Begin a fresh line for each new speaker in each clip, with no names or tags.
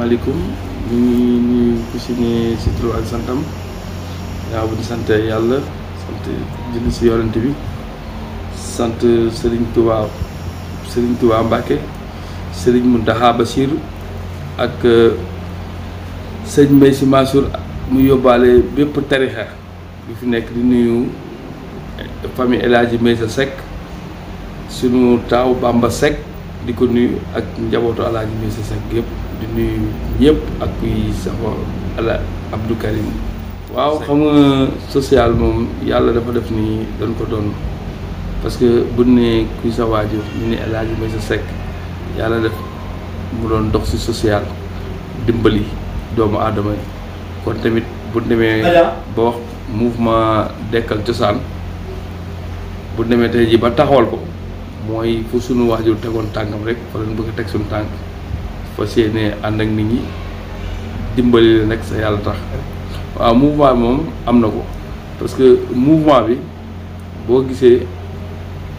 asalaamaaleykum ñu ngi nuyu ku si ne si santam waaw sant yàlla sant julli si yonent bi sant Serigne Touba Serigne Touba Mbacke Serigne Mountakha Bassirou ak sëñ Mbaye mu yóbbaale bépp tarixa bi fi nekk di nuyu famille El Hadji Meysa Seck sunu taaw Bamba Seck di ko nuyu ak njabootu El Hadji Meysa Seck yëpp. di nuyu ak kuy safa ala Abdou Karim waaw xam social moom yàlla dafa def ni dañ ko doon parce que bu ne kuy sa waajur ñu ne El Hadji Meissa Seck yàlla def mu doon dox si social dimbali doomu aadama yi kon tamit bu demee ba wax mouvement dekkal cosaan bu demee tey ji ba taxawal ko mooy fu sunu waajur tegoon tànkam rek fa lañ bëgg a teg suñu tànk fas yéene ànd ak nit ñi dimbali la nag sa yàlla tax waaw mouvement bi moom am na ko parce que mouvement bi boo gisee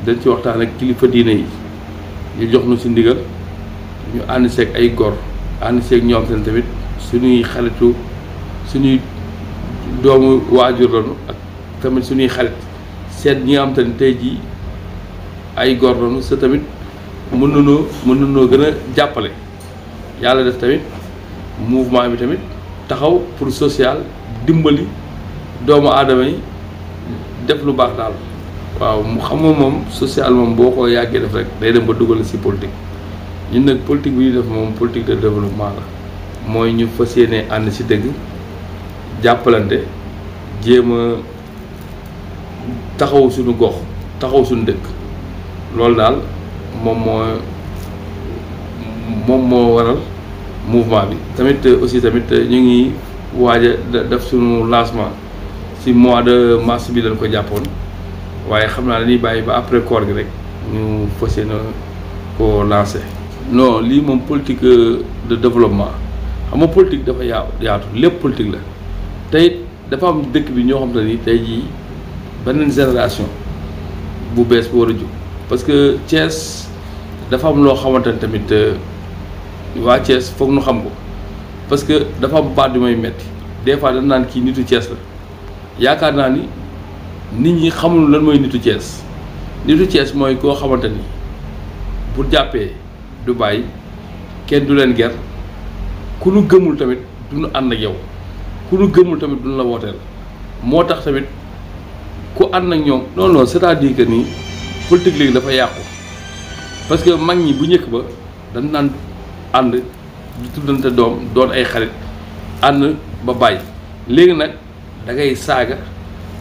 dañ ci waxtaan ak kilifa diine yi ñu jox nu ci ndigal ñu ànd seeg ay gor ànd seeg ñoom tamit suñuy xaritu suñuy doomu waajur lañu ak tamit suñuy xarit seet ñi nga xam te ne tey jii ay gor lañu sa tamit mën nañoo na nañoo gën a jàppale yàlla def tamit mouvement bi tamit taxaw pour social dimbali doomu aadama yi def lu baax daal waaw mu xam moom social moom boo ko yàggee def rek day dem ba dugal si politique ñun nag politique bi ñuy def moom politique de développement la mooy ñu fa yéene ànd si dëgg jàppalante jéem a taxaw suñu gox taxaw suñu dëkk loolu daal moom moo moom moo waral mouvement bi tamit euh, aussi tamit euh, ñu ngi waaj a def suñu lancement ci mois de mars bi lañ ko jàppoon waaye xam naa dañuy bàyyi ba après koor gi rek ñu fas yéene ko lancé. non lii moom politique euh, de développement xam nga politique dafa yaa yaatu lépp politique la tey dafa am dëkk bi ñoo xam te ni tey jii beneen génération bu bees bu war a jóg parce que Thiès dafa am loo xamante ni tamit. waa Thiès foog nu xam ko parce que dafa am baat yu may metti des fois dañ naan kii nitu Thiès la yaakaar naa ni nit ñi xamul lan mooy nitu Thiès nitu Thiès mooy koo xamante ni bu jàppee du bàyyi kenn du leen ger ku nu gëmul tamit du nu ànd ak yow ku nu gëmul tamit du nu la wooteel moo tax tamit ku ànd ak ñoom loolu non c'est-à-dire que nii politique léegi dafa yàqu parce que mag ñi bu njëkk ba dañ naan. ànd di tuddante doom doon ay xarit ànd ba bàyyi léegi nag dangay saaga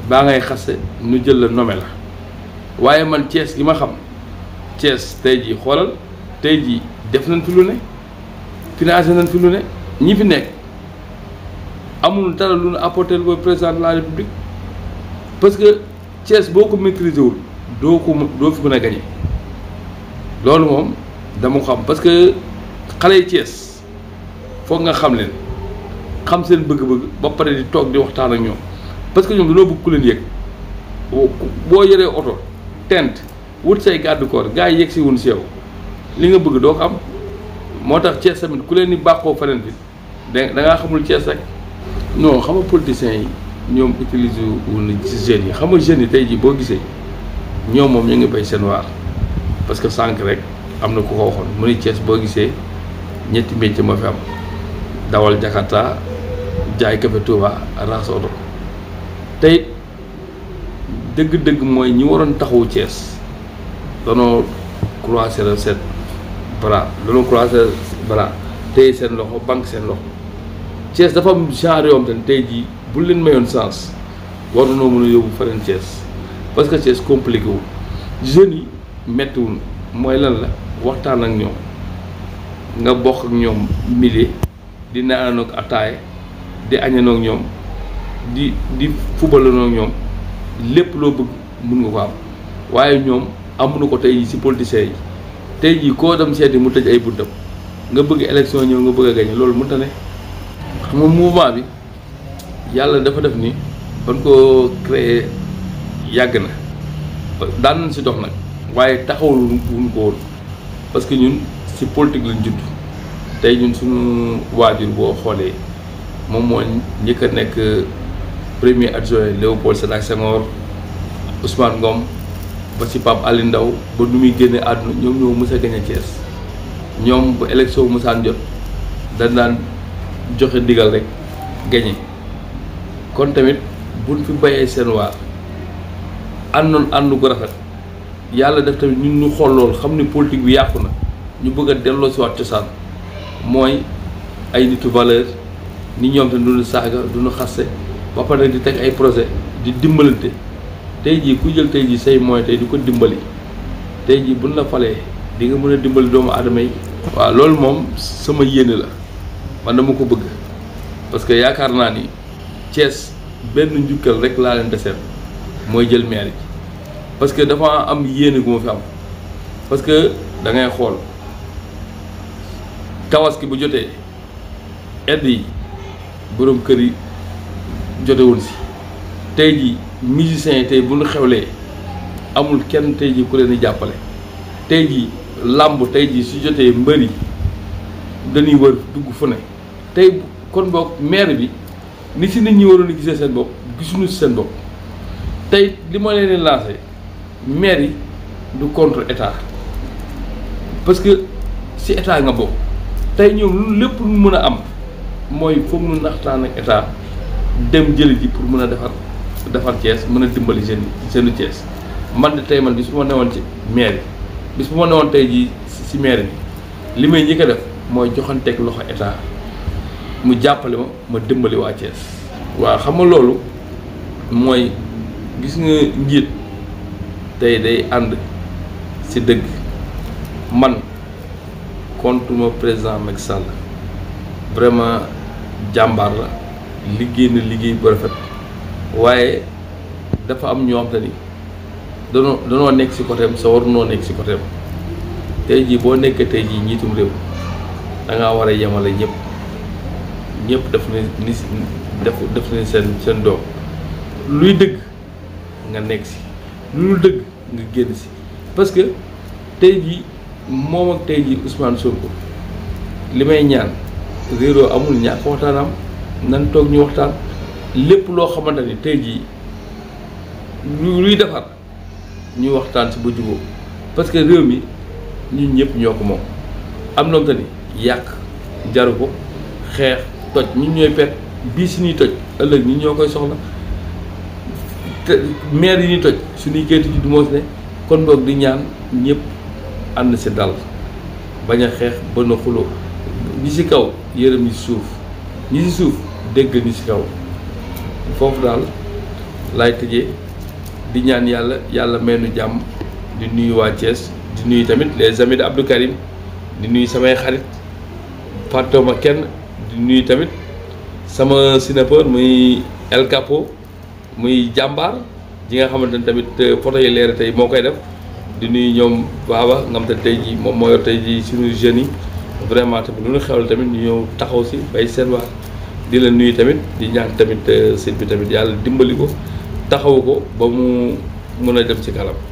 baa ngay xaste nu jël la nome la waaye man Thiès gi ma xam Thiès tey jii xoolal tey jii def nañ fi lu ne financé nañ fi lu ne ñi fi nekk amul tara lu nu apporter le président de la république parce que Thiès boo ko maîtriser wul doo ko doo fi mën a gañe loolu moom dama ko xam parce que xale yi foog nga xam leen xam seen bëgg-bëgg ba pare di toog di waxtaan ak ñoom parce que ñoom dañoo bëgg ku leen yëg boo yoree oto tent wut say garde corps gars yi yëg si wun si li nga bëgg doo ko am moo tax Thiès tamit ku leen di bàqoo feneen bi da ngaa xamul Thiès rek non xam nga politiciens yi ñoom utiliser wu na ci jeunes yi xam nga jeunes yi tey jii boo gisee ñoom moom ñu ngi bay seen waar parce que sànq rek am na ku ko waxoon mu ne Thiès boo gisee. ñetti métier moo fi am dawal jakarta jaay café Touba raxas oto tey dëgg-dëgg mooy ñi waroon taxawu cees danoo croiser la set bras danoo croiser bras tey seen loxo banque seen loxo cees dafa am genre yoo xam tey jii bu leen mayoon sens war na noo mën a yóbbu faneen Thiès parce que Thiès compliqué wul jeunes yi méttiwul mooy lan la waxtaan ak ñoom nga bokk ak ñoom mili di naanoog ataay di añanoog ñoom di di fubalanoog ñoom lépp loo bëgg mun nga ko am waaye ñoom amuñu ko tey si politiciens yi tey jii koo dem seeti mu tëj ay buntam nga bëgg élection ñëw nga bëgg a gañe loolu mënta ne xam nga mouvement bi yàlla dafa def ni ban ko créer yàgg na daan nañ si dox nag waaye taxawul wuñ ko woon parce ñun ci politique lañ judd tey ñun suñu waajur boo xoolee moom moo njëkk a nekk premier adjoint Léopold Sédar Senghor Ousmane Ngom ba ci Pape Ali Ndaw ba nu muy génnee àdduna ñoom ñoo mës a gañe Thiès ñoom bu élection bu mësaan jot dañ daan joxe ndigal rek gañe kon tamit buñ fi bayee seen waar àndoon ànd gu rafet yàlla def tamit ñun ñu xool loolu xam ne politique bi yàqu na ñu bëgg a delloo si waat cosaan mooy ay nitu valeur ni ñoom te duñu saaga duñu xaste ba pare di teg ay projet di dimbalante tey jii ku jël tey jii say moyens tey di ko dimbali tey jii buñ la falee di nga mën a dimbali doomu aadama yi waaw loolu moom sama yéene la man dama ko bëgg parce que yaakaar naa ni Thiès benn njukkal rek laa leen deseel mooy jël maire yi parce que dafa am yéene gu ma fi am parce que da ngay xool ki bu jotee edd yi boroom kër yi jotewuñ si tey ji musiciens tey bu ñu xewlee amul kenn tey ji ku leen di jàppale tey ji làmb tey ji su jotee mbër yi dañuy wër dugg fu ne tey kon boog maire bi ni si nit ñi waroon a gisee seen bopp gisuñu si seen bopp tey li ma leen di lancé maire yi du contre état parce que si état nga bokk tey ñëw lu lépp mu mën a am mooy foog ñu naxtaan ak état dem jëli ji pour mën a defar defar Thiès mën a dimbali jeunes yi jeune Thiès man de tey man bis bu ma newoon ci mairie bis bu ma newoon tey jii si mairie bi li may ñi def mooy joxanteeg loxo état mu jàppale ma ma dimbali waa Thiès. waaw xam nga loolu mooy gis nga njiit tey day ànd si dëgg man. contre ma président Macky Sall vraiment jàmbaar la liggéey na liggéey bu rafet waaye dafa am ñoo xam te ni danoo danoo nekk si côté am sa war noo nekk si côté am tey jii boo tey jii njiitum réew da ngaa war a yemale ñëpp ñëpp def na ni def def seen seen doom luy dëgg nga nekk si lu dul dëgg nga génn si parce tey jii moom ak tey jii Ousmane Sonko li may ñaan réeroo amul ñàkk waxtaanam nan toog ñu waxtaan lépp loo xamante ni tey jii lu luy defar ñu waxtaan si ba jubóo parce que réew mi ñun ñëpp ñoo ko moom. am na te ni yàq jaru ko xeex toj ñu ñooy pet bii si ñuy toj ëllëg ñun ñoo koy soxla te maire yi ñuy toj suñuy gétt ji du moos ne kon boog di ñaan ñëpp. ànd si dal bañ a xeex bën a xuloo ñi si kaw yërëm ñi suuf ñi si suuf dégg ñi si kaw foofu daal laay tëjee di ñaan yàlla yàlla may nu jàmm di nuyu waa di nuyu tamit les amis de di nuyu samay xarit ma kenn di nuyu tamit sama sinapeur muy El Capo muy jàmbaar ji nga xamante ne tamit euh, photo yi leer tey moo koy def di nuyu ñoom baaba nga te tey jii moom mooy tey jii suñu jeunes yi vraiment tamit lu ñu xewal tamit ñu ñëw taxaw si bay seen waar di la nuyu tamit di ñaan tamit euh, site bi tamit yàlla dimbali ko taxawu ko ba mu mën a def ci kanam.